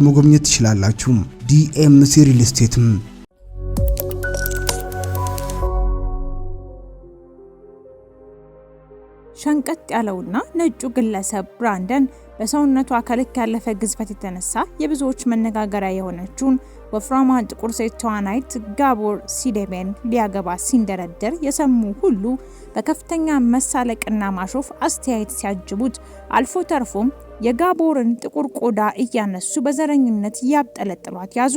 በቀላል መጎብኘት ትችላላችሁ። ዲኤምሲ ሪል ስቴትም ሸንቀጥ ያለውና ነጩ ግለሰብ ብራንደን በሰውነቷ ከልክ ያለፈ ግዝፈት የተነሳ የብዙዎች መነጋገሪያ የሆነችውን ወፍራማ ጥቁር ሴት ተዋናይት ጋቦር ሲዴቤን ሊያገባ ሲንደረደር የሰሙ ሁሉ በከፍተኛ መሳለቅና ማሾፍ አስተያየት ሲያጅቡት፣ አልፎ ተርፎም የጋቦርን ጥቁር ቆዳ እያነሱ በዘረኝነት እያብጠለጥሏት ያዙ።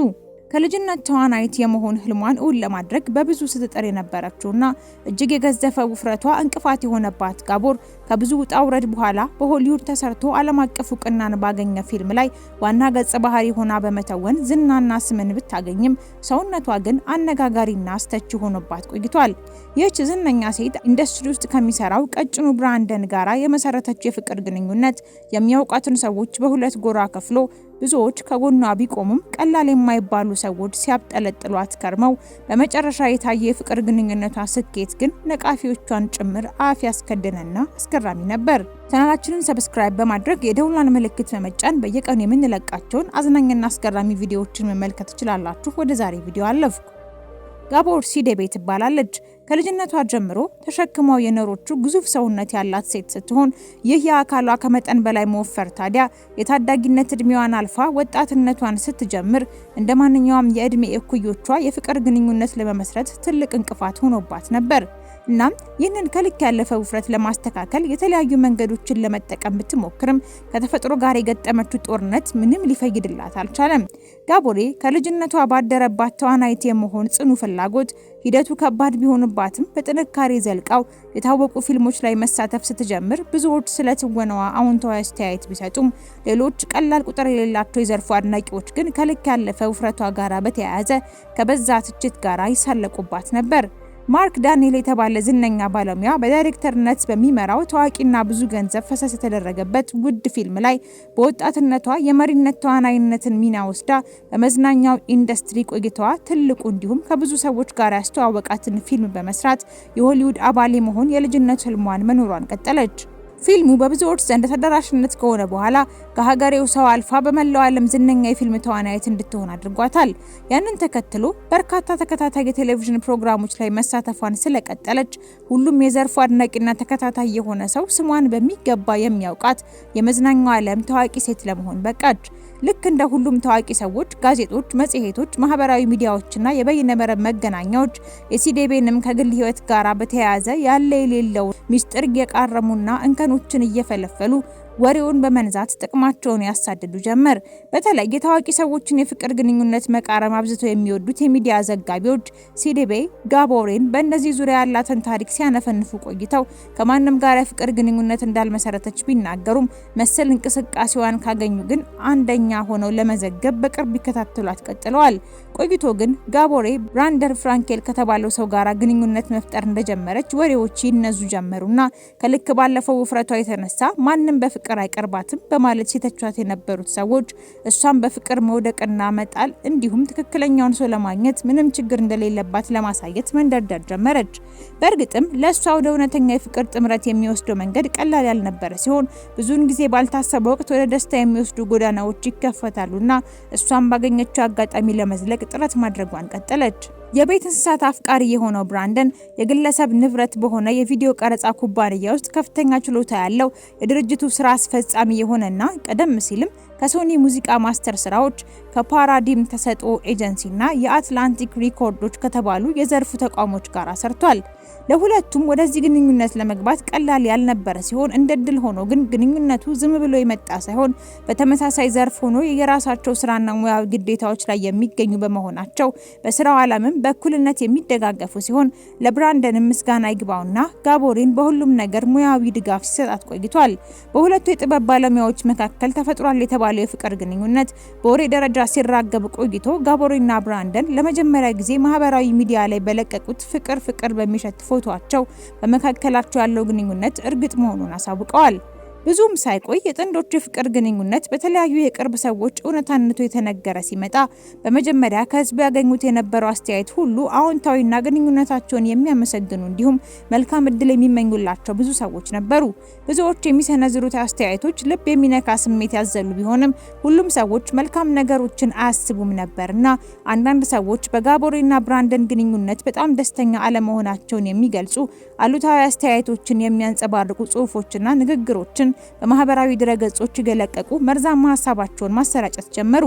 ከልጅነት ተዋናይት የመሆን ህልሟን እውን ለማድረግ በብዙ ስትጥር የነበረችውና እጅግ የገዘፈ ውፍረቷ እንቅፋት የሆነባት ጋቦር ከብዙ ውጣ ውረድ በኋላ በሆሊውድ ተሰርቶ ዓለም አቀፍ እውቅናን ባገኘ ፊልም ላይ ዋና ገጸ ባህሪ ሆና በመተወን ዝናና ስምን ብታገኝም ሰውነቷ ግን አነጋጋሪና አስተች ሆኖባት ቆይቷል። ይህች ዝነኛ ሴት ኢንዱስትሪ ውስጥ ከሚሰራው ቀጭኑ ብራንደን ጋራ የመሰረተች የፍቅር ግንኙነት የሚያውቃትን ሰዎች በሁለት ጎራ ከፍሎ ብዙዎች ከጎኗ ቢቆሙም ቀላል የማይባሉ ሰዎች ሲያብጠለጥሏት ከርመው በመጨረሻ የታየ የፍቅር ግንኙነቷ ስኬት ግን ነቃፊዎቿን ጭምር አፍ ያስከደነና አስገራሚ ነበር። ቻናላችንን ሰብስክራይብ በማድረግ የደውላን ምልክት በመጫን በየቀኑ የምንለቃቸውን አዝናኝና አስገራሚ ቪዲዮዎችን መመልከት ትችላላችሁ። ወደ ዛሬ ቪዲዮ አለፍኩ። ጋቦር ሲዲቤ ትባላለች። ከልጅነቷ ጀምሮ ተሸክመው የኖሮቹ ግዙፍ ሰውነት ያላት ሴት ስትሆን ይህ የአካሏ ከመጠን በላይ መወፈር ታዲያ የታዳጊነት እድሜዋን አልፋ ወጣትነቷን ስትጀምር እንደ ማንኛውም የእድሜ እኩዮቿ የፍቅር ግንኙነት ለመመስረት ትልቅ እንቅፋት ሆኖባት ነበር። እናም ይህንን ከልክ ያለፈ ውፍረት ለማስተካከል የተለያዩ መንገዶችን ለመጠቀም ብትሞክርም ከተፈጥሮ ጋር የገጠመችው ጦርነት ምንም ሊፈይድላት አልቻለም። ጋቦሬ ከልጅነቷ ባደረባት ተዋናይት የመሆን ጽኑ ፍላጎት ሂደቱ ከባድ ቢሆንባትም በጥንካሬ ዘልቃው የታወቁ ፊልሞች ላይ መሳተፍ ስትጀምር ብዙዎች ስለ ትወናዋ አዎንታዊ አስተያየት ቢሰጡም ሌሎች ቀላል ቁጥር የሌላቸው የዘርፉ አድናቂዎች ግን ከልክ ያለፈ ውፍረቷ ጋራ በተያያዘ ከበዛ ትችት ጋራ ይሳለቁባት ነበር። ማርክ ዳንኤል የተባለ ዝነኛ ባለሙያ በዳይሬክተርነት በሚመራው ታዋቂና ብዙ ገንዘብ ፈሰስ የተደረገበት ውድ ፊልም ላይ በወጣትነቷ የመሪነት ተዋናይነትን ሚና ወስዳ በመዝናኛው ኢንዱስትሪ ቆይታዋ ትልቁ እንዲሁም ከብዙ ሰዎች ጋር ያስተዋወቃትን ፊልም በመስራት የሆሊውድ አባል መሆን የልጅነት ህልሟን መኖሯን ቀጠለች። ፊልሙ በብዙዎች ዘንድ ተደራሽነት ከሆነ በኋላ ከሀገሬው ሰው አልፋ በመላው ዓለም ዝነኛ የፊልም ተዋናይት እንድትሆን አድርጓታል። ያንን ተከትሎ በርካታ ተከታታይ የቴሌቪዥን ፕሮግራሞች ላይ መሳተፏን ስለቀጠለች ሁሉም የዘርፉ አድናቂና ተከታታይ የሆነ ሰው ስሟን በሚገባ የሚያውቃት የመዝናኛው ዓለም ታዋቂ ሴት ለመሆን በቃች። ልክ እንደ ሁሉም ታዋቂ ሰዎች ጋዜጦች፣ መጽሔቶች፣ ማህበራዊ ሚዲያዎችና የበይነ መረብ መገናኛዎች የሲዴቤንም ከግል ህይወት ጋር በተያያዘ ያለ የሌለው ሚስጥር እየቃረሙና እንከኖችን እየፈለፈሉ ወሬውን በመንዛት ጥቅማቸውን ያሳድዱ ጀመር። በተለይ የታዋቂ ሰዎችን የፍቅር ግንኙነት መቃረም አብዝተው የሚወዱት የሚዲያ ዘጋቢዎች ሲዲቤ ጋቦሬን በእነዚህ ዙሪያ ያላትን ታሪክ ሲያነፈንፉ ቆይተው ከማንም ጋር የፍቅር ግንኙነት እንዳልመሰረተች ቢናገሩም መሰል እንቅስቃሴዋን ካገኙ ግን አንደኛ ሆነው ለመዘገብ በቅርብ ይከታተሏት ቀጥለዋል። ቆይቶ ግን ጋቦሬ ብራንደር ፍራንኬል ከተባለው ሰው ጋር ግንኙነት መፍጠር እንደጀመረች ወሬዎች ይነዙ ጀመሩና ከልክ ባለፈው ውፍረቷ የተነሳ ማንም በፍቅር አይቀርባትም በማለት ሴተቿት የነበሩት ሰዎች እሷን በፍቅር መውደቅና መጣል እንዲሁም ትክክለኛውን ሰው ለማግኘት ምንም ችግር እንደሌለባት ለማሳየት መንደርደር ጀመረች። በእርግጥም ለእሷ ወደ እውነተኛ የፍቅር ጥምረት የሚወስደው መንገድ ቀላል ያልነበረ ሲሆን ብዙውን ጊዜ ባልታሰበ ወቅት ወደ ደስታ የሚወስዱ ጎዳናዎች ይከፈታሉና እሷን ባገኘችው አጋጣሚ ለመዝለቅ ጥረት ማድረጓን ቀጠለች። የቤት እንስሳት አፍቃሪ የሆነው ብራንደን የግለሰብ ንብረት በሆነ የቪዲዮ ቀረጻ ኩባንያ ውስጥ ከፍተኛ ችሎታ ያለው የድርጅቱ ስራ አስፈጻሚ የሆነና ቀደም ሲልም ከሶኒ ሙዚቃ ማስተር ስራዎች ከፓራዲም ተሰጥኦ ኤጀንሲና የአትላንቲክ ሪኮርዶች ከተባሉ የዘርፉ ተቋሞች ጋር ሰርቷል። ለሁለቱም ወደዚህ ግንኙነት ለመግባት ቀላል ያልነበረ ሲሆን እንደ ድል ሆኖ ግን ግንኙነቱ ዝም ብሎ የመጣ ሳይሆን በተመሳሳይ ዘርፍ ሆኖ የራሳቸው ስራና ሙያዊ ግዴታዎች ላይ የሚገኙ በመሆናቸው በስራው ዓለምም በእኩልነት የሚደጋገፉ ሲሆን ለብራንደንም ምስጋና ይግባውና ጋቦሪን በሁሉም ነገር ሙያዊ ድጋፍ ሲሰጣት ቆይቷል። በሁለቱ የጥበብ ባለሙያዎች መካከል ተፈጥሯል የተባለው የፍቅር ግንኙነት በወሬ ደረጃ ሲራገብ ቆይቶ ጋቦሪና ብራንደን ለመጀመሪያ ጊዜ ማህበራዊ ሚዲያ ላይ በለቀቁት ፍቅር ፍቅር በሚሸት ፎቶቸው በመካከላቸው ያለው ግንኙነት እርግጥ መሆኑን አሳውቀዋል። ብዙም ሳይቆይ የጥንዶቹ የፍቅር ግንኙነት በተለያዩ የቅርብ ሰዎች እውነታነቱ የተነገረ ሲመጣ በመጀመሪያ ከህዝቡ ያገኙት የነበረው አስተያየት ሁሉ አዎንታዊና ግንኙነታቸውን የሚያመሰግኑ እንዲሁም መልካም እድል የሚመኙላቸው ብዙ ሰዎች ነበሩ። ብዙዎች የሚሰነዝሩት አስተያየቶች ልብ የሚነካ ስሜት ያዘሉ ቢሆንም ሁሉም ሰዎች መልካም ነገሮችን አያስቡም ነበርና አንዳንድ ሰዎች በጋቦሬና ብራንደን ግንኙነት በጣም ደስተኛ አለመሆናቸውን የሚገልጹ አሉታዊ አስተያየቶችን የሚያንጸባርቁ ጽሁፎችና ንግግሮችን በማህበራዊ ድረገጾች ገለቀቁ፣ መርዛማ ሀሳባቸውን ማሰራጨት ጀመሩ።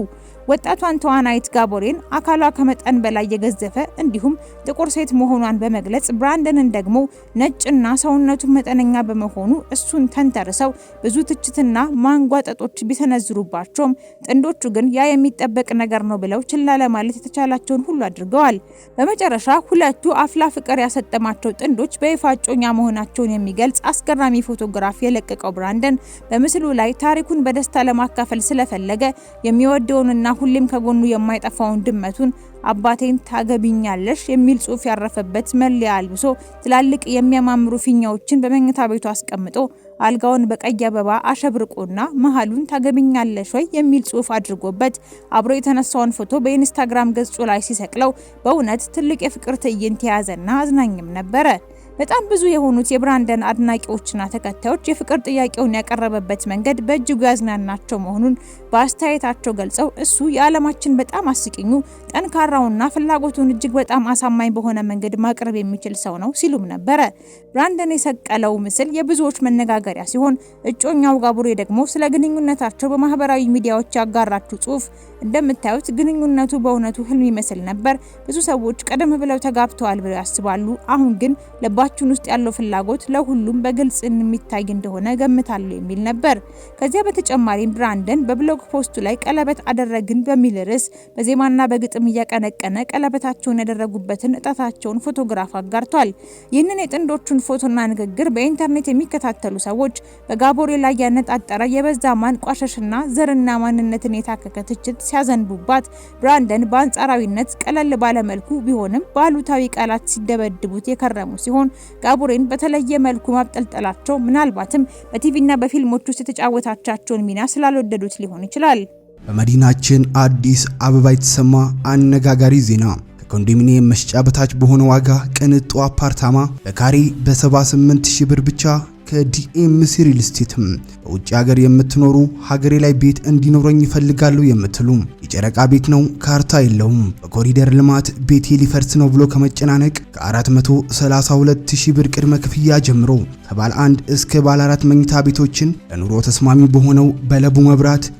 ወጣቷን ተዋናይት ጋቦሬን አካሏ ከመጠን በላይ የገዘፈ እንዲሁም ጥቁር ሴት መሆኗን በመግለጽ ብራንደንን ደግሞ ነጭና ሰውነቱ መጠነኛ በመሆኑ እሱን ተንተርሰው ብዙ ትችትና ማንጓጠጦች ቢሰነዝሩባቸውም ጥንዶቹ ግን ያ የሚጠበቅ ነገር ነው ብለው ችላ ለማለት የተቻላቸውን ሁሉ አድርገዋል። በመጨረሻ ሁለቱ አፍላ ፍቅር ያሰጠማቸው ጥንዶች በይፋ እጮኛ መሆናቸውን የሚገልጽ አስገራሚ ፎቶግራፍ የለቀቀው ብራንደን ማንደን በምስሉ ላይ ታሪኩን በደስታ ለማካፈል ስለፈለገ የሚወደውንና ሁሌም ከጎኑ የማይጠፋውን ድመቱን አባቴን ታገቢኛለሽ የሚል ጽሑፍ ያረፈበት መለያ አልብሶ ትላልቅ የሚያማምሩ ፊኛዎችን በመኝታ ቤቱ አስቀምጦ አልጋውን በቀይ አበባ አሸብርቆና መሀሉን ታገብኛለሽ ወይ የሚል ጽሑፍ አድርጎበት አብሮ የተነሳውን ፎቶ በኢንስታግራም ገጹ ላይ ሲሰቅለው በእውነት ትልቅ የፍቅር ትዕይንት የያዘና አዝናኝም ነበረ። በጣም ብዙ የሆኑት የብራንደን አድናቂዎችና ተከታዮች የፍቅር ጥያቄውን ያቀረበበት መንገድ በእጅጉ ያዝናናቸው መሆኑን በአስተያየታቸው ገልጸው እሱ የዓለማችን በጣም አስቂኙ ጠንካራውና ፍላጎቱን እጅግ በጣም አሳማኝ በሆነ መንገድ ማቅረብ የሚችል ሰው ነው ሲሉም ነበረ። ብራንደን የሰቀለው ምስል የብዙዎች መነጋገሪያ ሲሆን እጮኛው ጋቡሬ ደግሞ ስለ ግንኙነታቸው በማህበራዊ ሚዲያዎች ያጋራችው ጽሁፍ እንደምታዩት ግንኙነቱ በእውነቱ ህልም ይመስል ነበር። ብዙ ሰዎች ቀደም ብለው ተጋብተዋል ብለው ያስባሉ። አሁን ግን ልባ በልባችን ውስጥ ያለው ፍላጎት ለሁሉም በግልጽ የሚታይ እንደሆነ ገምታለሁ የሚል ነበር። ከዚያ በተጨማሪም ብራንደን በብሎግ ፖስቱ ላይ ቀለበት አደረግን በሚል ርዕስ በዜማና በግጥም እያቀነቀነ ቀለበታቸውን ያደረጉበትን እጣታቸውን ፎቶግራፍ አጋርቷል። ይህንን የጥንዶቹን ፎቶና ንግግር በኢንተርኔት የሚከታተሉ ሰዎች በጋቦሬ ላይ ያነጣጠረ የበዛ ማን ቋሸሽና ዘርና ማንነትን የታከከ ትችት ሲያዘንቡባት ብራንደን በአንጻራዊነት ቀለል ባለመልኩ ቢሆንም በአሉታዊ ቃላት ሲደበድቡት የከረሙ ሲሆን ጋቡሬን በተለየ መልኩ ማብጠልጠላቸው ምናልባትም በቲቪና በፊልሞች ውስጥ የተጫወታቻቸውን ሚና ስላልወደዱት ሊሆን ይችላል። በመዲናችን አዲስ አበባ የተሰማ አነጋጋሪ ዜና ከኮንዶሚኒየም መሸጫ በታች በሆነ ዋጋ ቅንጡ አፓርታማ በካሬ በ78 ሺህ ብር ብቻ ከዲኤምሲ ሪል ስቴትም በውጭ ሀገር የምትኖሩ ሀገሬ ላይ ቤት እንዲኖረኝ ይፈልጋሉ የምትሉ የጨረቃ ቤት ነው፣ ካርታ የለውም፣ በኮሪደር ልማት ቤቴ ሊፈርስ ነው ብሎ ከመጨናነቅ ከ 432000 ብር ቅድመ ክፍያ ጀምሮ ከባለ አንድ እስከ ባለ አራት መኝታ ቤቶችን ለኑሮ ተስማሚ በሆነው በለቡ መብራት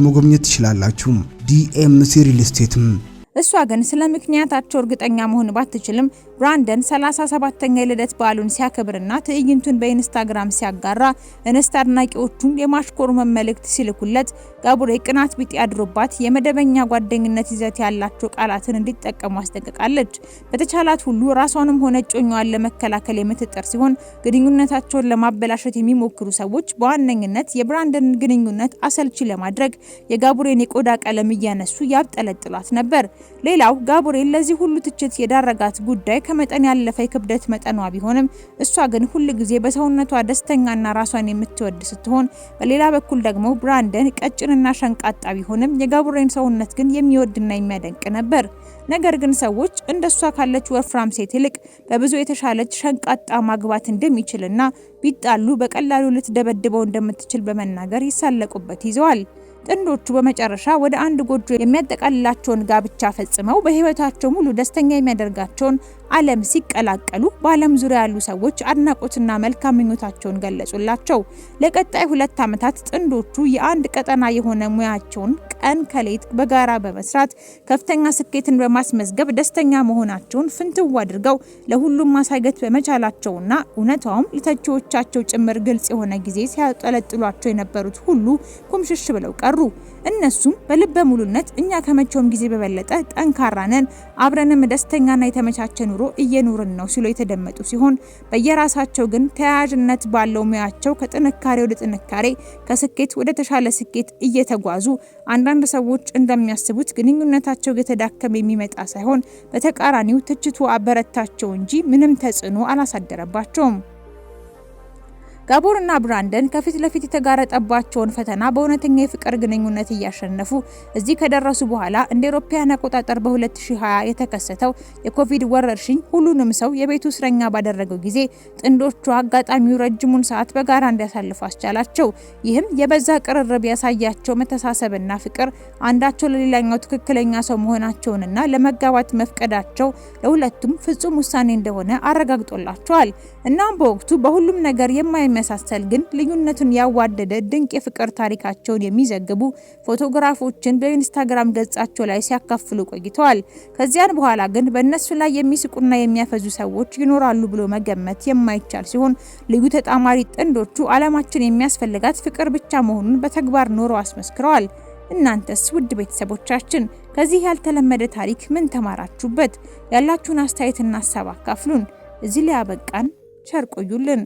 በአካል መጎብኘት ትችላላችሁ። ዲኤምሲ ሪል ስቴትም። እሷ ግን ስለ ምክንያታቸው እርግጠኛ መሆን ባትችልም ብራንደን 37ኛ የልደት በዓሉን ሲያከብርና ትዕይንቱን በኢንስታግራም ሲያጋራ እንስት አድናቂዎቹም የማሽኮር መልእክት ሲልኩለት ጋቡሬ ቅናት ቢጤ ያድሮባት የመደበኛ ጓደኝነት ይዘት ያላቸው ቃላትን እንዲጠቀሙ አስጠንቅቃለች። በተቻላት ሁሉ ራሷንም ሆነ እጮኛዋን ለመከላከል የምትጥር ሲሆን ግንኙነታቸውን ለማበላሸት የሚሞክሩ ሰዎች በዋነኝነት የብራንደንን ግንኙነት አሰልቺ ለማድረግ የጋቡሬን የቆዳ ቀለም እያነሱ ያብጠለጥሏት ነበር። ሌላው ጋቡሬን ለዚህ ሁሉ ትችት የዳረጋት ጉዳይ ከመጠን ያለፈ የክብደት መጠኗ ቢሆንም እሷ ግን ሁል ጊዜ በሰውነቷ ደስተኛና ራሷን የምትወድ ስትሆን፣ በሌላ በኩል ደግሞ ብራንደን ቀጭንና ሸንቃጣ ቢሆንም የጋቡሬን ሰውነት ግን የሚወድና የሚያደንቅ ነበር። ነገር ግን ሰዎች እንደሷ ካለች ወፍራም ሴት ይልቅ በብዙ የተሻለች ሸንቃጣ ማግባት እንደሚችልና ቢጣሉ በቀላሉ ልትደበድበው እንደምትችል በመናገር ይሳለቁበት ይዘዋል። ጥንዶቹ በመጨረሻ ወደ አንድ ጎጆ የሚያጠቃልላቸውን ጋብቻ ፈጽመው በህይወታቸው ሙሉ ደስተኛ የሚያደርጋቸውን ዓለም ሲቀላቀሉ በዓለም ዙሪያ ያሉ ሰዎች አድናቆትና መልካም ምኞታቸውን ገለጹላቸው። ለቀጣይ ሁለት ዓመታት ጥንዶቹ የአንድ ቀጠና የሆነ ሙያቸውን ቀን ከሌት በጋራ በመስራት ከፍተኛ ስኬትን በማስመዝገብ ደስተኛ መሆናቸውን ፍንትው አድርገው ለሁሉም ማሳየት በመቻላቸውና እውነታውም ለተቺዎች ለልጆቻቸው ጭምር ግልጽ የሆነ ጊዜ ሲያጠለጥሏቸው የነበሩት ሁሉ ኩምሽሽ ብለው ቀሩ። እነሱም በልበ ሙሉነት እኛ ከመቼውም ጊዜ በበለጠ ጠንካራ ነን፣ አብረንም ደስተኛና የተመቻቸ ኑሮ እየኖርን ነው ሲሉ የተደመጡ ሲሆን በየራሳቸው ግን ተያያዥነት ባለው ሙያቸው ከጥንካሬ ወደ ጥንካሬ ከስኬት ወደ ተሻለ ስኬት እየተጓዙ አንዳንድ ሰዎች እንደሚያስቡት ግንኙነታቸው የተዳከመ የሚመጣ ሳይሆን በተቃራኒው ትችቱ አበረታቸው እንጂ ምንም ተጽዕኖ አላሳደረባቸውም። እና ብራንደን ከፊት ለፊት የተጋረጠባቸውን ፈተና በእውነተኛ የፍቅር ግንኙነት እያሸነፉ እዚህ ከደረሱ በኋላ እንደ ኤሮፓያን አቆጣጠር በ2020 የተከሰተው የኮቪድ ወረርሽኝ ሁሉንም ሰው የቤቱ እስረኛ ባደረገው ጊዜ ጥንዶቹ አጋጣሚው ረጅሙን ሰዓት በጋራ እንዲያሳልፉ አስቻላቸው። ይህም የበዛ ቅርርብ ያሳያቸው መተሳሰብና ፍቅር አንዳቸው ለሌላኛው ትክክለኛ ሰው መሆናቸውንና ለመጋባት መፍቀዳቸው ለሁለቱም ፍጹም ውሳኔ እንደሆነ አረጋግጦላቸዋል። እናም በወቅቱ በሁሉም ነገር የማይመሳሰል ግን ልዩነቱን ያዋደደ ድንቅ የፍቅር ታሪካቸውን የሚዘግቡ ፎቶግራፎችን በኢንስታግራም ገጻቸው ላይ ሲያካፍሉ ቆይተዋል። ከዚያን በኋላ ግን በእነሱ ላይ የሚስቁና የሚያፈዙ ሰዎች ይኖራሉ ብሎ መገመት የማይቻል ሲሆን ልዩ ተጣማሪ ጥንዶቹ ዓለማችን የሚያስፈልጋት ፍቅር ብቻ መሆኑን በተግባር ኖሮ አስመስክረዋል። እናንተስ ውድ ቤተሰቦቻችን ከዚህ ያልተለመደ ታሪክ ምን ተማራችሁበት? ያላችሁን አስተያየትና ሀሳብ አካፍሉን። እዚህ ላይ አበቃን። ቸር ቆዩልን።